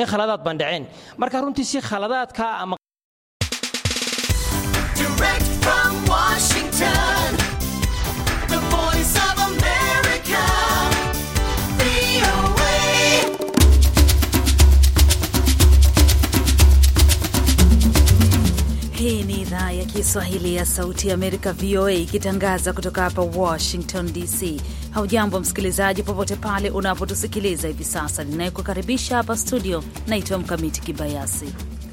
in khaladaad bandhaceen marka runtii si khaladaadka ama Kiswahili ya Sauti ya Amerika, VOA, ikitangaza kutoka hapa Washington DC. Haujambo msikilizaji, popote pale unapotusikiliza hivi sasa. Ninayekukaribisha hapa studio naitwa Mkamiti Kibayasi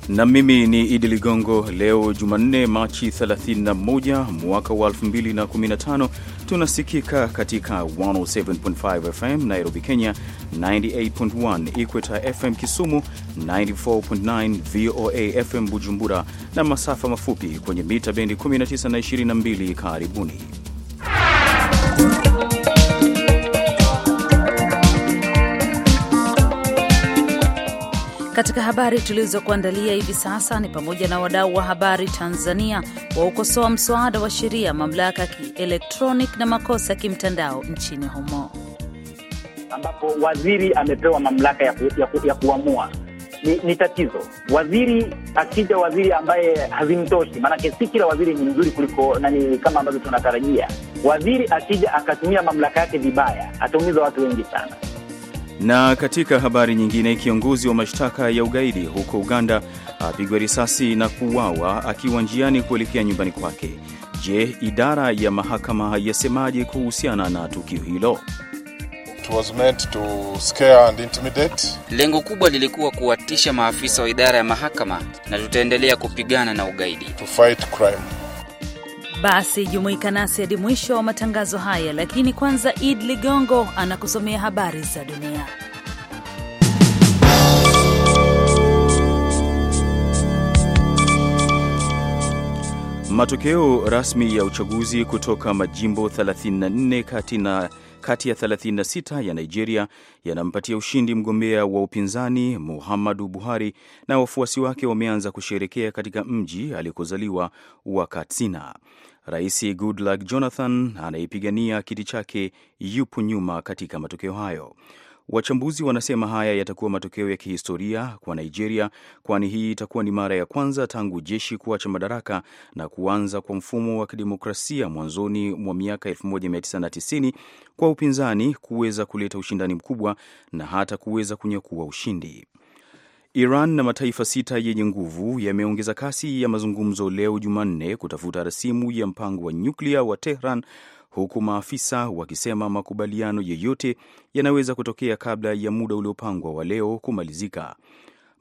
na mimi ni Idi Ligongo. Leo Jumanne, Machi 31 mwaka wa 2015, tunasikika katika 107.5 FM Nairobi, Kenya, 98.1 Equator FM Kisumu, 94.9 VOA FM Bujumbura, na masafa mafupi kwenye mita bendi 19 na 22. Karibuni. Katika habari tulizokuandalia hivi sasa ni pamoja na wadau wa habari Tanzania waukosoa mswada wa sheria mamlaka ya kielektroniki na makosa ya kimtandao nchini humo, ambapo waziri amepewa mamlaka ya, ku, ya, ku, ya kuamua ni, ni tatizo. Waziri akija waziri ambaye hazimtoshi, maanake si kila waziri ni mzuri kuliko nani, kama ambavyo tunatarajia. Waziri akija akatumia mamlaka yake vibaya, ataumiza watu wengi sana. Na katika habari nyingine, kiongozi wa mashtaka ya ugaidi huko Uganda apigwa risasi na kuuawa akiwa njiani kuelekea nyumbani kwake. Je, idara ya mahakama yasemaje kuhusiana na tukio hilo? Lengo kubwa lilikuwa kuwatisha maafisa wa idara ya mahakama, na tutaendelea kupigana na ugaidi to fight crime. Basi jumuika nasi hadi mwisho wa matangazo haya, lakini kwanza Id Ligongo anakusomea habari za dunia. Matokeo rasmi ya uchaguzi kutoka majimbo 34 kati na kati ya 36 ya Nigeria yanampatia ushindi mgombea wa upinzani Muhammadu Buhari na wafuasi wake wameanza kusherekea katika mji alikozaliwa wa Katsina. Rais Goodluck Jonathan anayepigania kiti chake yupo nyuma katika matokeo hayo. Wachambuzi wanasema haya yatakuwa matokeo ya kihistoria kwa Nigeria, kwani hii itakuwa ni mara ya kwanza tangu jeshi kuacha madaraka na kuanza kwa mfumo wa kidemokrasia mwanzoni mwa miaka 1990 kwa upinzani kuweza kuleta ushindani mkubwa na hata kuweza kunyakua ushindi. Iran na mataifa sita yenye nguvu yameongeza kasi ya mazungumzo leo Jumanne kutafuta rasimu ya mpango wa nyuklia wa Tehran huku maafisa wakisema makubaliano yeyote yanaweza kutokea kabla ya muda uliopangwa wa leo kumalizika.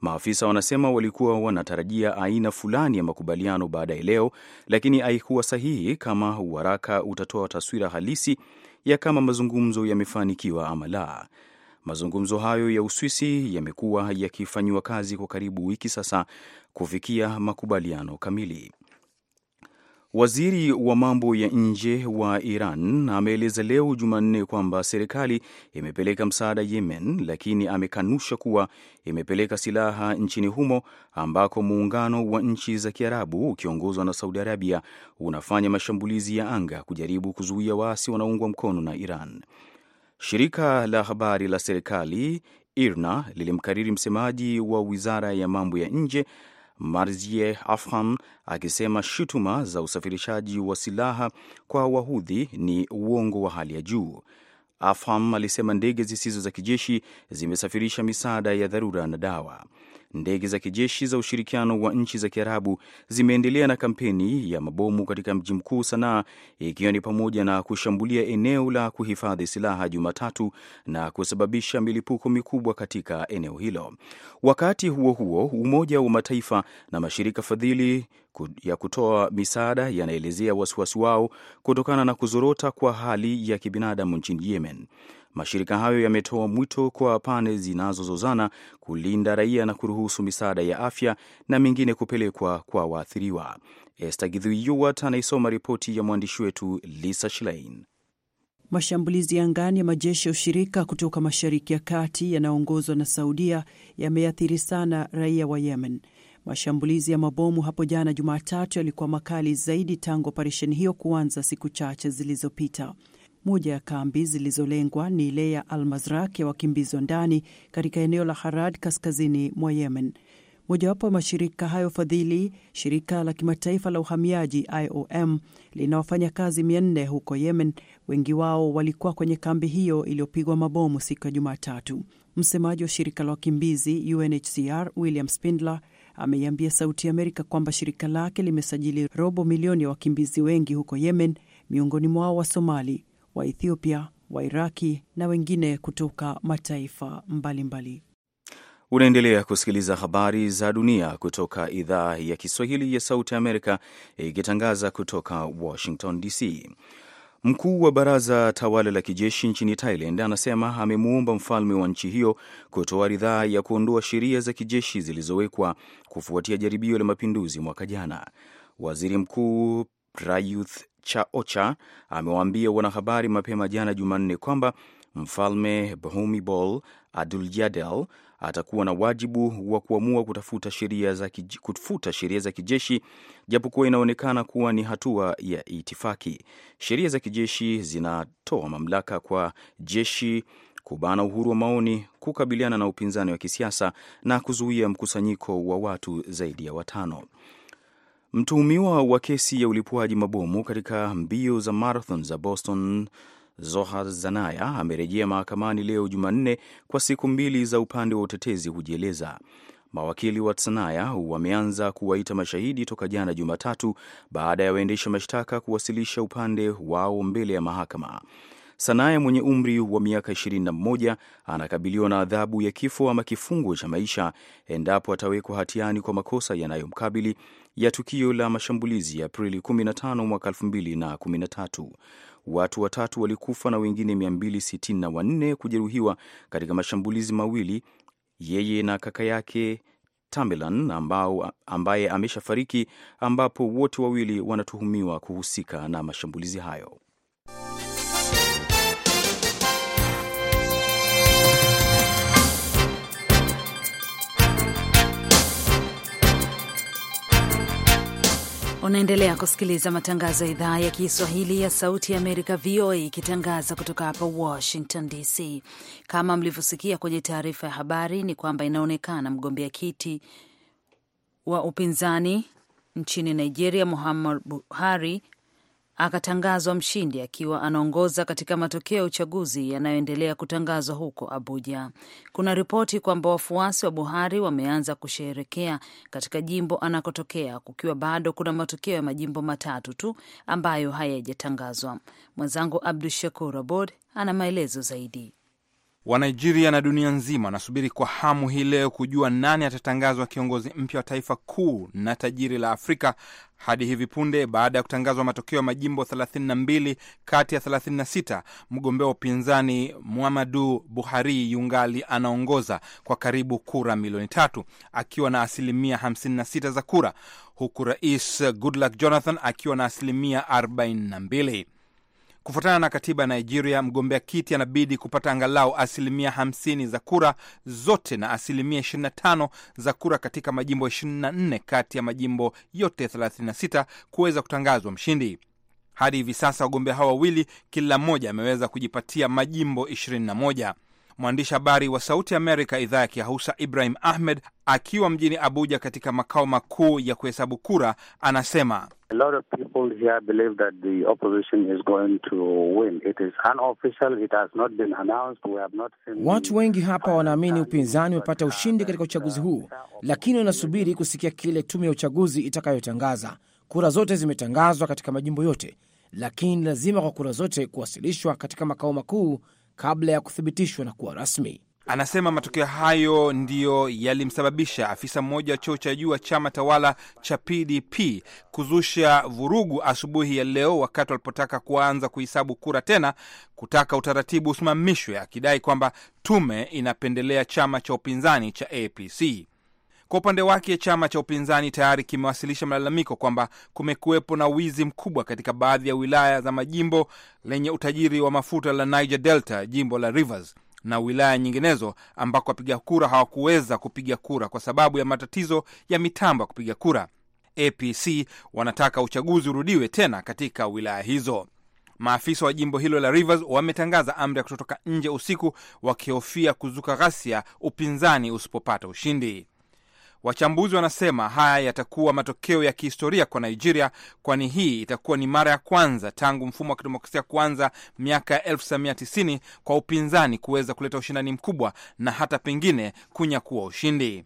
Maafisa wanasema walikuwa wanatarajia aina fulani ya makubaliano baadaye leo, lakini haikuwa sahihi kama waraka utatoa taswira halisi ya kama mazungumzo yamefanikiwa ama la. Mazungumzo hayo ya Uswisi yamekuwa yakifanyiwa kazi kwa karibu wiki sasa kufikia makubaliano kamili. Waziri wa mambo ya nje wa Iran ameeleza leo Jumanne kwamba serikali imepeleka msaada Yemen, lakini amekanusha kuwa imepeleka silaha nchini humo ambako muungano wa nchi za Kiarabu ukiongozwa na Saudi Arabia unafanya mashambulizi ya anga kujaribu kuzuia waasi wanaoungwa mkono na Iran. Shirika la habari la serikali IRNA lilimkariri msemaji wa wizara ya mambo ya nje Marzie Afham akisema shutuma za usafirishaji wa silaha kwa wahudhi ni uongo wa hali ya juu. Afham alisema ndege zisizo za kijeshi zimesafirisha misaada ya dharura na dawa ndege za kijeshi za ushirikiano wa nchi za Kiarabu zimeendelea na kampeni ya mabomu katika mji mkuu Sanaa, ikiwa ni pamoja na kushambulia eneo la kuhifadhi silaha Jumatatu na kusababisha milipuko mikubwa katika eneo hilo. Wakati huo huo, Umoja wa Mataifa na mashirika fadhili ya kutoa misaada yanaelezea wasiwasi wao kutokana na kuzorota kwa hali ya kibinadamu nchini Yemen. Mashirika hayo yametoa mwito kwa pande zinazozozana kulinda raia na kuruhusu misaada ya afya na mingine kupelekwa kwa waathiriwa. Esther Githui anaisoma ripoti ya mwandishi wetu Lisa Schlein. Mashambulizi ya angani ya majeshi ya ushirika kutoka Mashariki ya Kati yanayoongozwa na Saudia yameathiri sana raia wa Yemen. Mashambulizi ya mabomu hapo jana Jumatatu yalikuwa makali zaidi tangu operesheni hiyo kuanza siku chache zilizopita. Moja ya kambi zilizolengwa ni ile ya al mazrak ya wakimbizi wa ndani katika eneo la Harad kaskazini mwa Yemen. Mojawapo ya mashirika hayo fadhili, shirika la kimataifa la uhamiaji IOM, lina wafanyakazi mia nne huko Yemen. Wengi wao walikuwa kwenye kambi hiyo iliyopigwa mabomu siku ya Jumatatu. Msemaji wa shirika la wakimbizi UNHCR William Spindler ameiambia Sauti ya Amerika kwamba shirika lake limesajili robo milioni ya wakimbizi wengi huko Yemen, miongoni mwao wa Somali wa Ethiopia, wa Iraki na wengine kutoka mataifa mbalimbali. Unaendelea kusikiliza habari za dunia kutoka idhaa ya Kiswahili ya Sauti Amerika ikitangaza kutoka Washington DC. Mkuu wa baraza tawala la kijeshi nchini Thailand anasema amemuomba mfalme wa nchi hiyo kutoa ridhaa ya kuondoa sheria za kijeshi zilizowekwa kufuatia jaribio la mapinduzi mwaka jana. Waziri Mkuu Prayuth cha OCHA amewaambia wanahabari mapema jana Jumanne kwamba Mfalme Bhumibol Aduljadel atakuwa na wajibu wa kuamua kutafuta sheria za kij... kufuta sheria za kijeshi japokuwa inaonekana kuwa ni hatua ya itifaki. Sheria za kijeshi zinatoa mamlaka kwa jeshi kubana uhuru wa maoni, kukabiliana na upinzani wa kisiasa na kuzuia mkusanyiko wa watu zaidi ya watano. Mtuhumiwa wa kesi ya ulipuaji mabomu katika mbio za marathon za Boston Zohar Zanaya amerejea mahakamani leo Jumanne kwa siku mbili za upande wa utetezi kujieleza. Mawakili wa Tsanaya wameanza kuwaita mashahidi toka jana Jumatatu baada ya waendesha mashtaka kuwasilisha upande wao mbele ya mahakama. Sanaye mwenye umri wa miaka 21 anakabiliwa na adhabu ya kifo ama kifungo cha maisha endapo atawekwa hatiani kwa makosa yanayomkabili ya tukio la mashambulizi ya Aprili 15 mwaka 2013. Watu watatu walikufa na wengine 264 kujeruhiwa katika mashambulizi mawili, yeye na kaka yake Tamerlan ambao ambaye ameshafariki ambapo wote wawili wanatuhumiwa kuhusika na mashambulizi hayo. Unaendelea kusikiliza matangazo ya idhaa ya Kiswahili ya Sauti ya Amerika, VOA, ikitangaza kutoka hapa Washington DC. Kama mlivyosikia kwenye taarifa ya habari, ni kwamba inaonekana mgombea kiti wa upinzani nchini Nigeria, Muhammad Buhari akatangazwa mshindi akiwa anaongoza katika matokeo ya uchaguzi yanayoendelea kutangazwa huko Abuja. Kuna ripoti kwamba wafuasi wa Buhari wameanza kusheherekea katika jimbo anakotokea, kukiwa bado kuna matokeo ya majimbo matatu tu ambayo hayajatangazwa. Mwenzangu Abdu Shakur Abod ana maelezo zaidi. Wanigeria na dunia nzima wanasubiri kwa hamu hii leo kujua nani atatangazwa kiongozi mpya wa taifa kuu na tajiri la Afrika hadi hivi punde baada ya kutangazwa matokeo ya majimbo 32 kati ya 36, mgombea wa upinzani Muhamadu Buhari yungali anaongoza kwa karibu kura milioni tatu akiwa na asilimia 56 za kura, huku rais Goodluck Jonathan akiwa na asilimia 42. Kufuatana na katiba ya Nigeria, mgombea kiti anabidi kupata angalau asilimia 50 za kura zote na asilimia 25 za kura katika majimbo 24 kati ya majimbo yote 36 kuweza kutangazwa mshindi. Hadi hivi sasa wagombea hao wawili kila mmoja ameweza kujipatia majimbo 21. Mwandishi habari wa Sauti Amerika idhaa ya Kihausa Ibrahim Ahmed akiwa mjini Abuja katika makao makuu ya kuhesabu kura anasema watu wengi hapa wanaamini upinzani umepata ushindi katika uchaguzi huu, lakini wanasubiri kusikia kile tume ya uchaguzi itakayotangaza. Kura zote zimetangazwa katika majimbo yote, lakini lazima kwa kura zote kuwasilishwa katika makao makuu kabla ya kuthibitishwa na kuwa rasmi. Anasema matokeo hayo ndiyo yalimsababisha afisa mmoja wa cheo cha juu wa chama tawala cha PDP kuzusha vurugu asubuhi ya leo wakati walipotaka kuanza kuhesabu kura tena, kutaka utaratibu usimamishwe, akidai kwamba tume inapendelea chama cha upinzani cha APC. Kwa upande wake, chama cha upinzani tayari kimewasilisha malalamiko kwamba kumekuwepo na wizi mkubwa katika baadhi ya wilaya za majimbo lenye utajiri wa mafuta la Niger Delta, jimbo la Rivers na wilaya nyinginezo ambako wapiga kura hawakuweza kupiga kura kwa sababu ya matatizo ya mitambo ya kupiga kura. APC wanataka uchaguzi urudiwe tena katika wilaya hizo. Maafisa wa jimbo hilo la Rivers wametangaza amri ya kutotoka nje usiku, wakihofia kuzuka ghasia upinzani usipopata ushindi. Wachambuzi wanasema haya yatakuwa matokeo ya kihistoria kwa Nigeria, kwani hii itakuwa ni mara ya kwanza tangu mfumo wa kidemokrasia kuanza miaka ya 1990 kwa upinzani kuweza kuleta ushindani mkubwa na hata pengine kunyakua ushindi.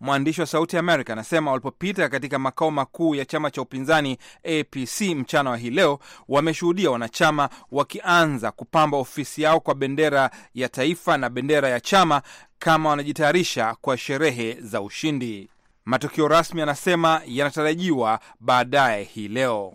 Mwandishi wa Sauti ya Amerika anasema walipopita katika makao makuu ya chama cha upinzani APC mchana wa hii leo, wameshuhudia wanachama wakianza kupamba ofisi yao kwa bendera ya taifa na bendera ya chama kama wanajitayarisha kwa sherehe za ushindi. Matukio rasmi anasema yanatarajiwa baadaye hii leo.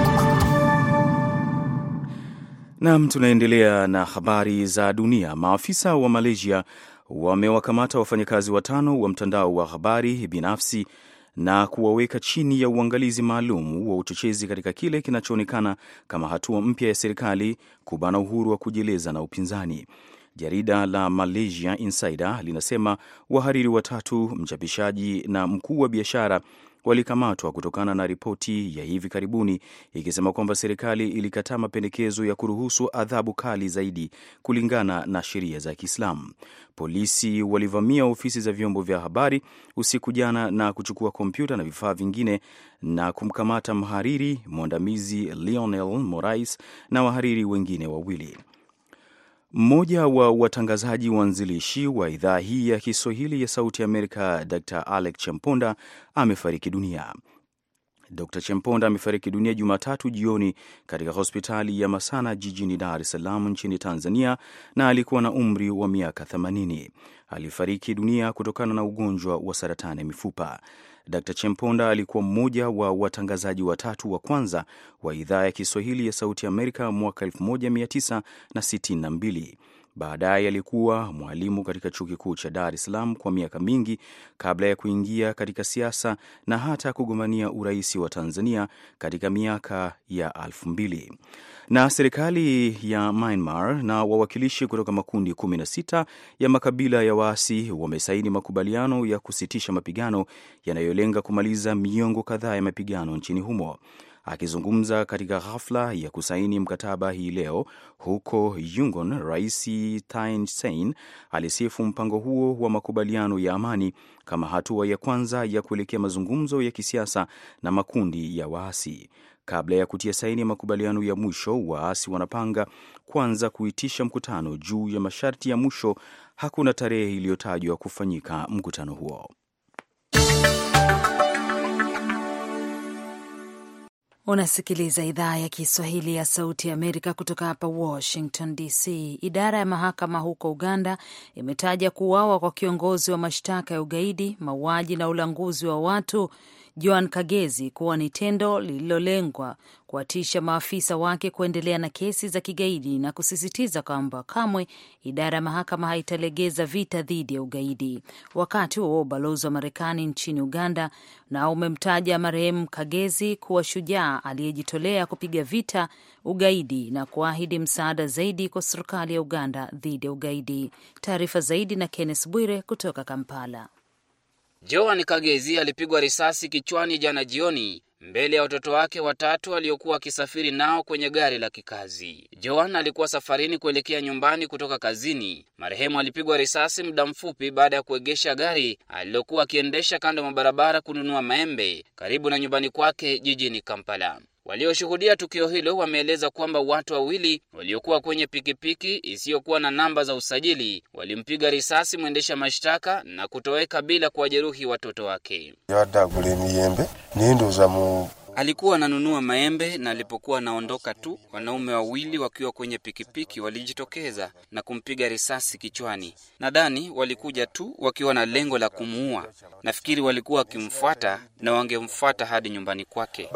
Nam, tunaendelea na habari za dunia. Maafisa wa Malaysia wamewakamata wafanyakazi watano wa mtandao wa habari binafsi na kuwaweka chini ya uangalizi maalum wa uchochezi katika kile kinachoonekana kama hatua mpya ya serikali kubana uhuru wa kujieleza na upinzani. Jarida la Malaysia Insider linasema wahariri watatu, mchapishaji na mkuu wa biashara walikamatwa kutokana na ripoti ya hivi karibuni ikisema kwamba serikali ilikataa mapendekezo ya kuruhusu adhabu kali zaidi kulingana na sheria za Kiislamu. Polisi walivamia ofisi za vyombo vya habari usiku jana na kuchukua kompyuta na vifaa vingine na kumkamata mhariri mwandamizi Lionel Morais na wahariri wengine wawili. Mmoja wa watangazaji waanzilishi wa idhaa hii ya Kiswahili ya Sauti ya Amerika, Dr Alec Champonda amefariki dunia. Dr Chemponda amefariki dunia Jumatatu jioni katika hospitali ya Masana jijini Dar es Salaam nchini Tanzania, na alikuwa na umri wa miaka 80. Alifariki dunia kutokana na ugonjwa wa saratani ya mifupa. Dr Chemponda alikuwa mmoja wa watangazaji watatu wa kwanza wa idhaa ya Kiswahili ya Sauti Amerika mwaka 1962. Baadaye alikuwa mwalimu katika chuo kikuu cha Dar es Salaam kwa miaka mingi kabla ya kuingia katika siasa na hata kugombania urais wa Tanzania katika miaka ya elfu mbili. Na serikali ya Myanmar na wawakilishi kutoka makundi 16 ya makabila ya waasi wamesaini makubaliano ya kusitisha mapigano yanayolenga kumaliza miongo kadhaa ya mapigano nchini humo. Akizungumza katika hafla ya kusaini mkataba hii leo huko Yungon, Rais Thein Sein alisifu mpango huo wa makubaliano ya amani kama hatua ya kwanza ya kuelekea mazungumzo ya kisiasa na makundi ya waasi. Kabla ya kutia saini makubaliano ya mwisho, waasi wanapanga kwanza kuitisha mkutano juu ya masharti ya mwisho. Hakuna tarehe iliyotajwa kufanyika mkutano huo. Unasikiliza idhaa ya Kiswahili ya Sauti ya Amerika kutoka hapa Washington DC. Idara ya mahakama huko Uganda imetaja kuuawa kwa kiongozi wa mashtaka ya ugaidi, mauaji na ulanguzi wa watu Joan Kagezi kuwa ni tendo lililolengwa kuwatisha maafisa wake kuendelea na kesi za kigaidi na kusisitiza kwamba kamwe idara ya mahakama haitalegeza vita dhidi ya ugaidi. Wakati huo ubalozi wa Marekani nchini Uganda na umemtaja marehemu Kagezi kuwa shujaa aliyejitolea kupiga vita ugaidi na kuahidi msaada zaidi kwa serikali ya Uganda dhidi ya ugaidi. Taarifa zaidi na Kenneth Bwire kutoka Kampala. Joan Kagezi alipigwa risasi kichwani jana jioni mbele ya watoto wake watatu waliokuwa wakisafiri nao kwenye gari la kikazi. Joan alikuwa safarini kuelekea nyumbani kutoka kazini. Marehemu alipigwa risasi muda mfupi baada ya kuegesha gari alilokuwa akiendesha kando ya barabara kununua maembe karibu na nyumbani kwake jijini Kampala. Walioshuhudia tukio hilo wameeleza kwamba watu wawili waliokuwa kwenye pikipiki isiyokuwa na namba za usajili walimpiga risasi mwendesha mashtaka na kutoweka bila kuwajeruhi watoto wake. Alikuwa ananunua maembe na alipokuwa anaondoka tu, wanaume wawili wakiwa kwenye pikipiki walijitokeza na kumpiga risasi kichwani. Nadhani walikuja tu wakiwa na lengo la kumuua. Nafikiri walikuwa wakimfuata na wangemfuata hadi nyumbani kwake.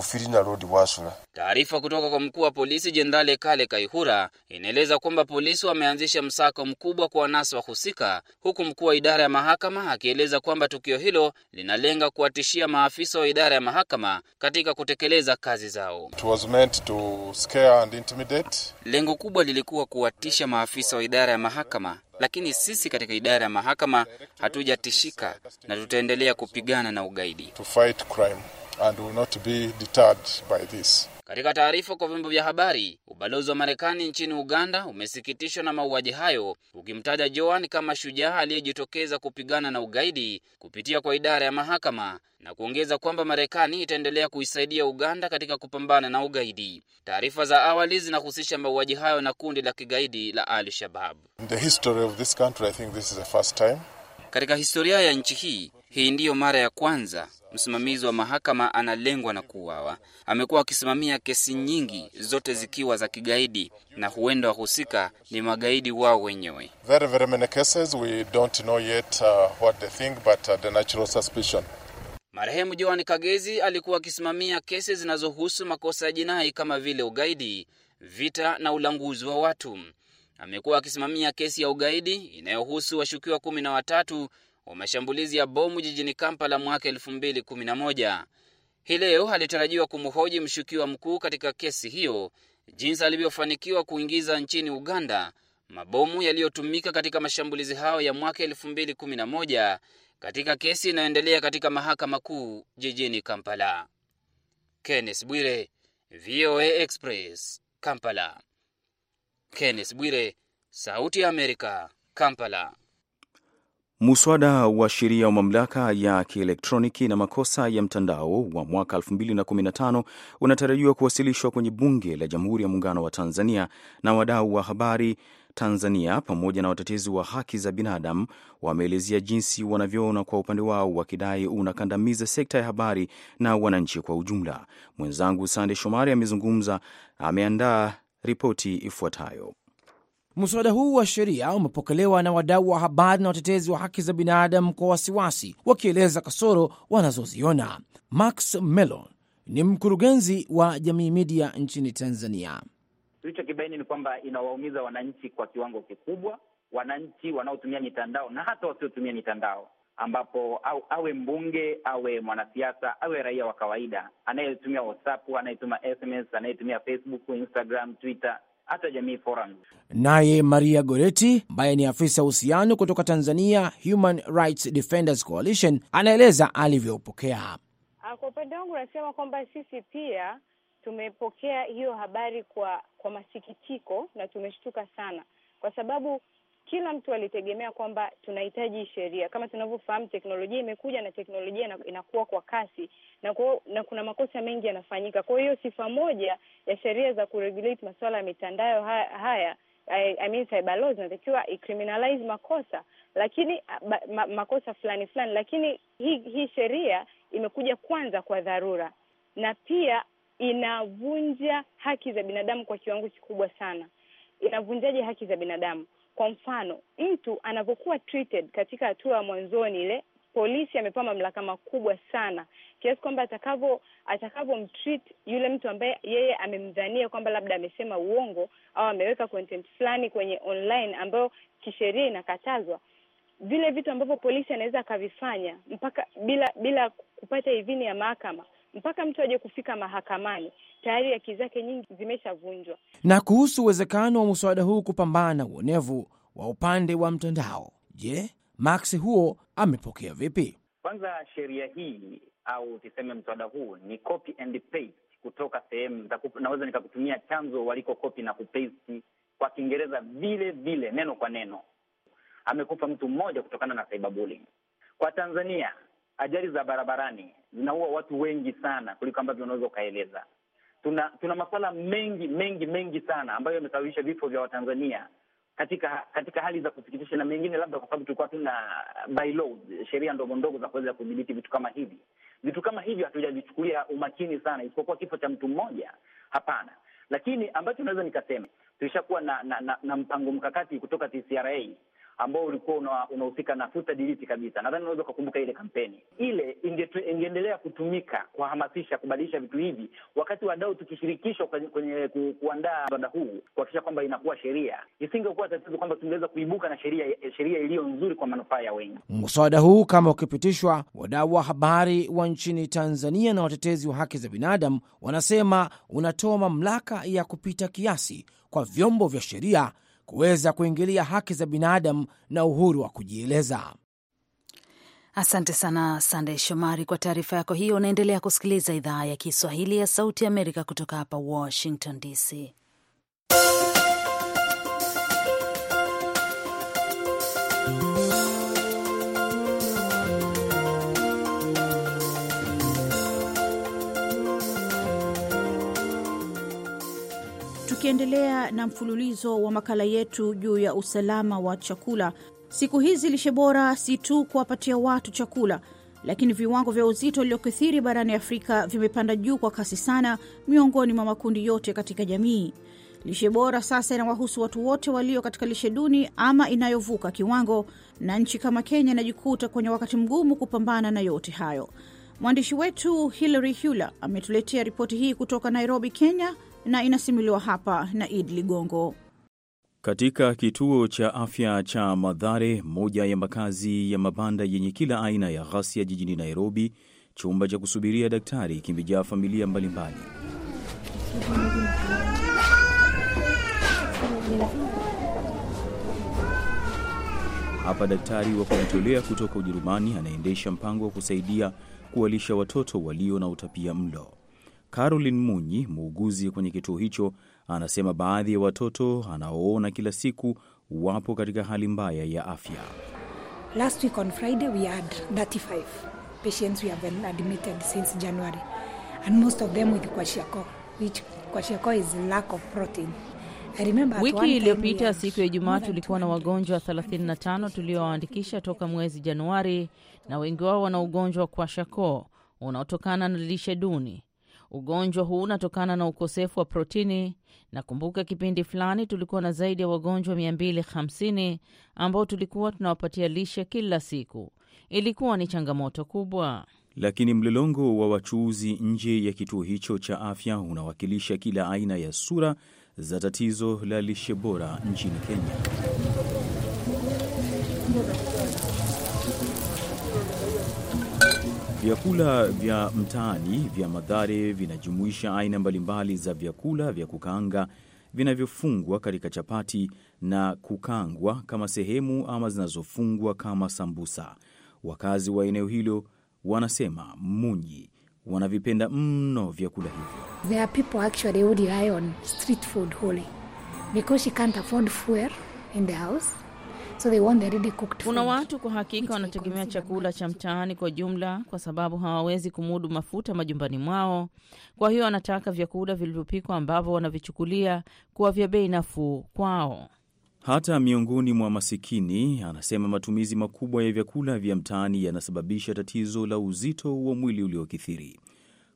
Kufiri na Wasula. Taarifa kutoka kwa mkuu wa polisi Jenerali Kale Kaihura inaeleza kwamba polisi wameanzisha msako mkubwa kwa wanasa wahusika, huku mkuu wa idara ya mahakama akieleza kwamba tukio hilo linalenga kuwatishia maafisa wa idara ya mahakama katika kutekeleza kazi zao. It was meant to scare and intimidate. Lengo kubwa lilikuwa kuwatisha maafisa wa idara ya mahakama lakini sisi katika idara ya mahakama hatujatishika na tutaendelea kupigana na ugaidi, to fight crime and will not be deterred by this. Katika taarifa kwa vyombo vya habari, ubalozi wa Marekani nchini Uganda umesikitishwa na mauaji hayo, ukimtaja Joan kama shujaa aliyejitokeza kupigana na ugaidi kupitia kwa idara ya mahakama na kuongeza kwamba Marekani itaendelea kuisaidia Uganda katika kupambana na ugaidi. Taarifa za awali zinahusisha mauaji hayo na kundi la kigaidi la Al Shabab. Katika historia ya nchi hii, hii ndiyo mara ya kwanza msimamizi wa mahakama analengwa na kuuawa. Amekuwa akisimamia kesi nyingi, zote zikiwa za kigaidi, na huenda wahusika ni magaidi wao wenyewe. Very, very many cases we don't know yet uh, what they think but uh, the natural suspicion Marehemu Joani Kagezi alikuwa akisimamia kesi zinazohusu makosa ya jinai kama vile ugaidi, vita na ulanguzi wa watu. Amekuwa akisimamia kesi ya ugaidi inayohusu washukiwa kumi na watatu wa mashambulizi ya bomu jijini Kampala mwaka 2011. Hii leo alitarajiwa kumhoji mshukiwa mkuu katika kesi hiyo jinsi alivyofanikiwa kuingiza nchini Uganda mabomu yaliyotumika katika mashambulizi hayo ya mwaka 2011 katika kesi inayoendelea katika mahakama kuu jijini Kampala. Kenneth Bwire, VOA Express, Kampala. Kenneth Bwire, Sauti ya Amerika, Kampala. Muswada wa sheria wa mamlaka ya kielektroniki na makosa ya mtandao wa mwaka 2015 unatarajiwa kuwasilishwa kwenye bunge la Jamhuri ya Muungano wa Tanzania na wadau wa habari Tanzania pamoja na watetezi wa haki za binadamu wameelezea jinsi wanavyoona kwa upande wao, wakidai unakandamiza sekta ya habari na wananchi kwa ujumla. Mwenzangu Sande Shomari amezungumza, ameandaa ripoti ifuatayo. Mswada huu wa sheria umepokelewa na wadau wa habari na watetezi wa haki za binadamu kwa wasiwasi, wakieleza kasoro wanazoziona. Max Mello ni mkurugenzi wa Jamii Media nchini Tanzania. Tulichokibaini ni kwamba inawaumiza wananchi kwa kiwango kikubwa, wananchi wanaotumia mitandao na hata wasiotumia mitandao, ambapo au, awe mbunge awe mwanasiasa awe raia wa kawaida anayetumia WhatsApp, anayetumia SMS, anayetumia Facebook, Instagram, Twitter hata Jamii Forum. Naye Maria Goretti ambaye ni afisa uhusiano kutoka Tanzania Human Rights Defenders Coalition anaeleza alivyopokea ah, Kwa upande wangu nasema kwamba sisi pia tumepokea hiyo habari kwa kwa masikitiko na tumeshtuka sana, kwa sababu kila mtu alitegemea kwamba tunahitaji sheria. Kama tunavyofahamu, teknolojia imekuja na teknolojia inakuwa kwa kasi na, kwa, na kuna makosa mengi yanafanyika. Kwa hiyo sifa moja ya sheria za kuregulate masuala ya mitandao haya, haya I, I mean cyber laws inatakiwa icriminalize makosa lakini ma, makosa fulani fulani, lakini hii hi sheria imekuja kwanza kwa dharura na pia inavunja haki za binadamu kwa kiwango kikubwa sana. Inavunjaje haki za binadamu? Kwa mfano mtu anavyokuwa treated katika hatua ya mwanzoni ile, polisi amepewa mamlaka makubwa sana kiasi kwamba atakavyo atakavyomtreat yule mtu ambaye yeye amemdhania kwamba labda amesema uongo au ameweka content fulani kwenye online ambayo kisheria inakatazwa, vile vitu ambavyo polisi anaweza akavifanya mpaka bila bila kupata idhini ya mahakama mpaka mtu aje kufika mahakamani tayari haki zake nyingi zimeshavunjwa. Na kuhusu uwezekano wa mswada huu kupambana na uonevu wa upande wa mtandao, je, Max huo amepokea vipi? Kwanza, sheria hii au tuseme mswada huu ni copy and paste kutoka sehemu, naweza nikakutumia chanzo waliko copy na kupaste kwa Kiingereza vile vile, neno kwa neno. Amekufa mtu mmoja kutokana na cyberbullying. Kwa Tanzania ajali za barabarani zinaua watu wengi sana kuliko ambavyo unaweza ukaeleza. Tuna tuna masuala mengi mengi mengi sana ambayo yamesababisha vifo vya Watanzania katika katika hali za kusikitisha, na mengine labda kwa sababu tulikuwa tuna bylaws, sheria ndogo ndogo za kuweza kudhibiti vitu kama hivi. Vitu kama hivyo hatujavichukulia umakini sana, isipokuwa kifo cha mtu mmoja, hapana. Lakini ambacho naweza nikasema tulishakuwa na, na, na, na mpango mkakati kutoka TCRA ambao ulikuwa unahusika na futa diliti kabisa. Nadhani unaweza ukakumbuka ile kampeni ile, ingeendelea kutumika kuwahamasisha kubadilisha vitu hivi, wakati wadau tukishirikishwa kwenye ku, kuandaa mswada huu kuhakikisha kwamba inakuwa sheria, isingekuwa tatizo kwamba tungeweza kuibuka na sheria sheria iliyo nzuri kwa manufaa ya wengi. Mswada huu kama ukipitishwa, wadau wa habari wa nchini Tanzania na watetezi wa haki za binadamu wanasema unatoa mamlaka ya kupita kiasi kwa vyombo vya sheria kuweza kuingilia haki za binadamu na uhuru wa kujieleza. Asante sana Sandey Shomari kwa taarifa yako hiyo. Unaendelea kusikiliza idhaa ya Kiswahili ya Sauti ya Amerika kutoka hapa Washington DC. Tukiendelea na mfululizo wa makala yetu juu ya usalama wa chakula, siku hizi lishe bora si tu kuwapatia watu chakula, lakini viwango vya uzito uliokithiri barani Afrika vimepanda juu kwa kasi sana miongoni mwa makundi yote katika jamii. Lishe bora sasa inawahusu watu wote walio katika lishe duni ama inayovuka kiwango, na nchi kama Kenya inajikuta kwenye wakati mgumu kupambana na yote hayo. Mwandishi wetu Hilary hule ametuletea ripoti hii kutoka Nairobi, Kenya, na inasimuliwa hapa na Id Ligongo. Katika kituo cha afya cha Madhare, moja ya makazi ya mabanda yenye kila aina ya ghasia jijini Nairobi, chumba cha kusubiria daktari kimejaa familia mbalimbali. Hapa daktari wa kujitolea kutoka Ujerumani anaendesha mpango wa kusaidia kuwalisha watoto walio na utapia mlo. Carolin Munyi, muuguzi kwenye kituo hicho, anasema baadhi ya watoto anaoona kila siku wapo katika hali mbaya ya afya. Last week on Friday we had 35 patients we have been admitted since January and most of them with kwashiako which kwashiako is lack of protein. Wiki iliyopita siku ya Ijumaa tulikuwa na wagonjwa 35 tuliowaandikisha toka mwezi Januari, na wengi wao wana ugonjwa wa kwashakoo unaotokana na lishe duni. Ugonjwa huu unatokana na ukosefu wa protini. Nakumbuka kipindi fulani tulikuwa na zaidi ya wagonjwa 250 ambao tulikuwa tunawapatia lishe kila siku. Ilikuwa ni changamoto kubwa. Lakini mlolongo wa wachuuzi nje ya kituo hicho cha afya unawakilisha kila aina ya sura za tatizo la lishe bora nchini Kenya. Vyakula vya mtaani vya Madhare vinajumuisha aina mbalimbali za vyakula vya kukaanga vinavyofungwa katika chapati na kukangwa kama sehemu ama zinazofungwa kama sambusa. Wakazi wa eneo hilo wanasema munyi wanavipenda mno vyakula hivyo. So they want the ready cooked food. Kuna watu kwa hakika wanategemea chakula cha mtaani kwa jumla, kwa sababu hawawezi kumudu mafuta majumbani mwao. Kwa hiyo wanataka vyakula vilivyopikwa ambavyo wanavichukulia kuwa vya bei nafuu kwao. Hata miongoni mwa masikini, anasema matumizi makubwa ya vyakula vya mtaani yanasababisha tatizo la uzito wa mwili uliokithiri.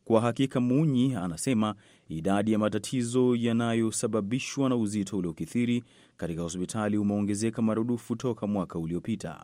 Kwa hakika, Munyi anasema idadi ya matatizo yanayosababishwa na uzito uliokithiri katika hospitali umeongezeka marudufu toka mwaka uliopita.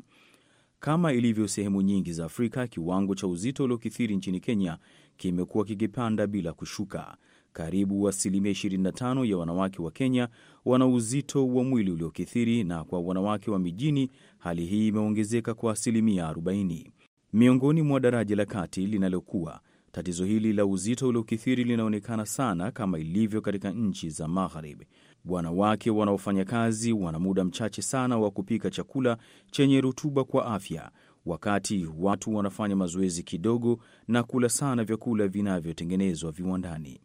Kama ilivyo sehemu nyingi za Afrika, kiwango cha uzito uliokithiri nchini Kenya kimekuwa kikipanda bila kushuka. Karibu asilimia 25 ya wanawake wa Kenya wana uzito wa mwili uliokithiri, na kwa wanawake wa mijini hali hii imeongezeka kwa asilimia 40. Miongoni mwa daraja la kati linalokuwa, tatizo hili la uzito uliokithiri linaonekana sana, kama ilivyo katika nchi za Magharibi. Wanawake wanaofanya kazi wana muda mchache sana wa kupika chakula chenye rutuba kwa afya, wakati watu wanafanya mazoezi kidogo na kula sana vyakula vinavyotengenezwa viwandani.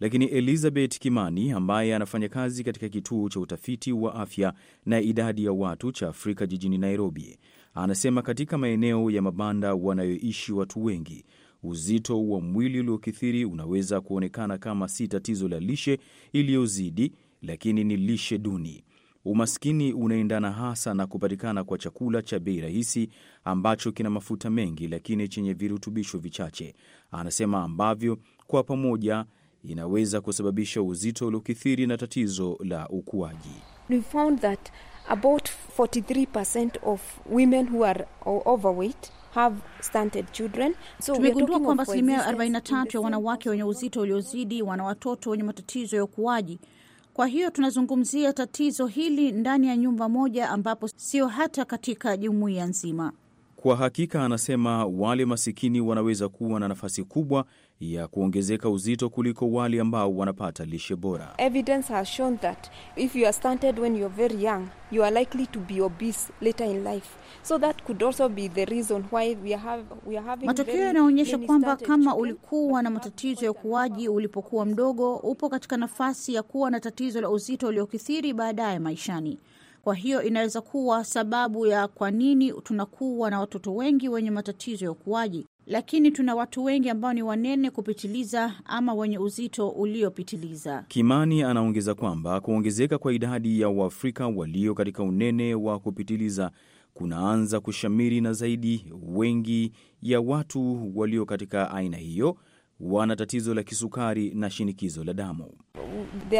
Lakini Elizabeth Kimani ambaye anafanya kazi katika kituo cha utafiti wa afya na idadi ya watu cha Afrika jijini Nairobi, anasema katika maeneo ya mabanda wanayoishi watu wengi, uzito wa mwili uliokithiri unaweza kuonekana kama si tatizo la lishe iliyozidi, lakini ni lishe duni. Umaskini unaendana hasa na kupatikana kwa chakula cha bei rahisi ambacho kina mafuta mengi lakini chenye virutubisho vichache, anasema, ambavyo kwa pamoja inaweza kusababisha uzito uliokithiri na tatizo la ukuaji. We found that about 43% of women who are overweight So tumegundua kwamba asilimia 43 ya wanawake wenye uzito uliozidi wana watoto wenye matatizo ya ukuaji kwa hiyo tunazungumzia tatizo hili ndani ya nyumba moja, ambapo sio hata katika jumuiya nzima. Kwa hakika, anasema wale masikini wanaweza kuwa na nafasi kubwa ya kuongezeka uzito kuliko wale ambao wanapata lishe bora. Evidence has shown that if you are stunted when you are very young, you are likely to be obese later in life. So that could also be the reason why we have, we are having. Matokeo yanaonyesha kwamba kama ulikuwa na matatizo ya ukuaji ulipokuwa mdogo, upo katika nafasi ya kuwa na tatizo la uzito uliokithiri baadaye maishani. Kwa hiyo inaweza kuwa sababu ya kwa nini tunakuwa na watoto wengi wenye matatizo ya ukuaji lakini tuna watu wengi ambao ni wanene kupitiliza ama wenye uzito uliopitiliza. Kimani anaongeza kwamba kuongezeka kwa idadi ya Waafrika walio katika unene wa kupitiliza kunaanza kushamiri na zaidi wengi ya watu walio katika aina hiyo wana tatizo la kisukari na shinikizo la damu. Uh,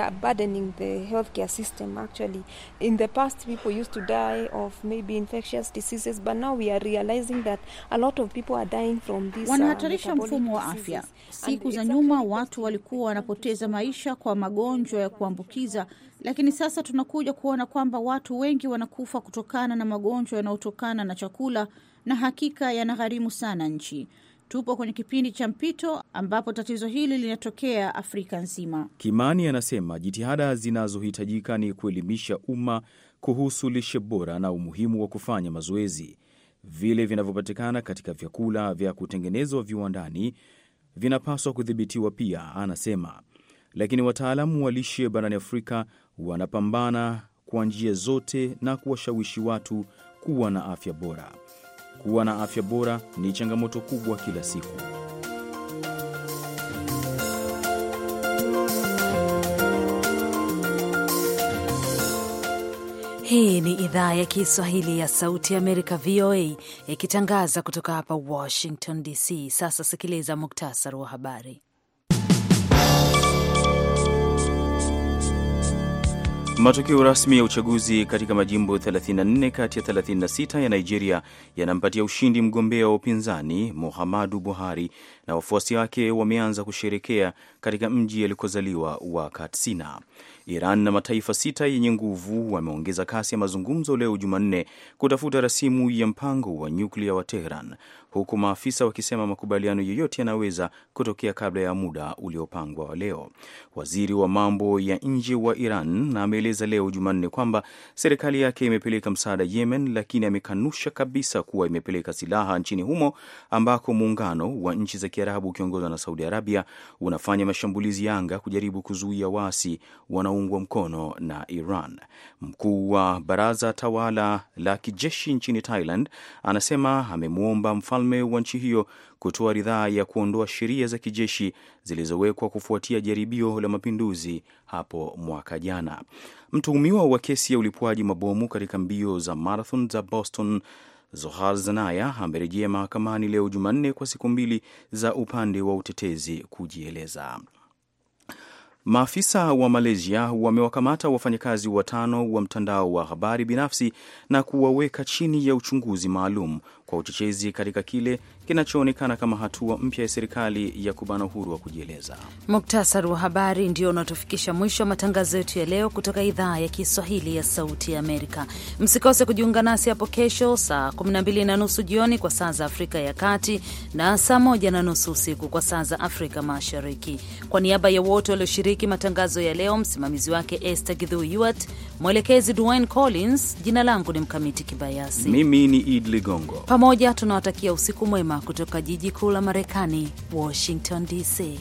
Wanahatarisha mfumo wa afya. Siku za nyuma watu walikuwa wanapoteza maisha kwa magonjwa ya kuambukiza, lakini sasa tunakuja kuona kwamba watu wengi wanakufa kutokana na magonjwa yanayotokana na chakula, na hakika yanagharimu sana nchi. Tupo kwenye kipindi cha mpito ambapo tatizo hili linatokea Afrika nzima. Kimani anasema jitihada zinazohitajika ni kuelimisha umma kuhusu lishe bora na umuhimu wa kufanya mazoezi. Vile vinavyopatikana katika vyakula vya kutengenezwa viwandani vinapaswa kudhibitiwa pia, anasema. Lakini wataalamu wa lishe barani Afrika wanapambana kwa njia zote na kuwashawishi watu kuwa na afya bora. Kuwa na afya bora ni changamoto kubwa kila siku. Hii ni idhaa ya Kiswahili ya Sauti ya Amerika, VOA, ikitangaza kutoka hapa Washington DC. Sasa sikiliza muktasari wa habari. Matokeo rasmi ya uchaguzi katika majimbo 34 kati ya 36 ya Nigeria yanampatia ushindi mgombea wa upinzani Muhammadu Buhari na wafuasi wake wameanza kusherekea katika mji alikozaliwa wa Katsina. Iran na mataifa sita yenye nguvu wameongeza kasi ya mazungumzo leo Jumanne kutafuta rasimu ya mpango wa nyuklia wa Tehran huku maafisa wakisema makubaliano yoyote yanaweza kutokea kabla ya muda uliopangwa leo. Waziri wa mambo ya nje wa Iran ameeleza leo Jumanne kwamba serikali yake imepeleka msaada Yemen, lakini amekanusha kabisa kuwa imepeleka silaha nchini humo ambako muungano wa nchi za Kiarabu ukiongozwa na Saudi Arabia unafanya mashambulizi ya anga kujaribu kuzuia waasi wanaungwa mkono na Iran. Mkuu wa baraza tawala la kijeshi nchini Thailand anasema amemwomba mfalme mfalme wa nchi hiyo kutoa ridhaa ya kuondoa sheria za kijeshi zilizowekwa kufuatia jaribio la mapinduzi hapo mwaka jana. Mtuhumiwa wa kesi ya ulipuaji mabomu katika mbio za marathon za Boston Zohar Zanaya amerejea mahakamani leo Jumanne kwa siku mbili za upande wa utetezi kujieleza. Maafisa wa Malaysia wamewakamata wafanyakazi watano wa mtandao wa habari binafsi na kuwaweka chini ya uchunguzi maalum kwa uchochezi katika kile kinachoonekana kama hatua mpya ya serikali ya kubana uhuru wa kujieleza. Muktasari wa habari ndio unatufikisha mwisho wa matangazo yetu ya leo kutoka idhaa ya Kiswahili ya Sauti ya Amerika. Msikose kujiunga nasi hapo kesho saa 12 na nusu jioni kwa saa za Afrika ya Kati na saa 1 na nusu usiku kwa saa za Afrika Mashariki. Kwa niaba ya wote walioshiriki matangazo ya leo, msimamizi wake Esther Githu mwelekezi Dwayne Collins, jina langu ni Mkamiti Kibayasi, mimi ni Id Ligongo pamoja tunawatakia usiku mwema kutoka jiji kuu la Marekani, Washington DC.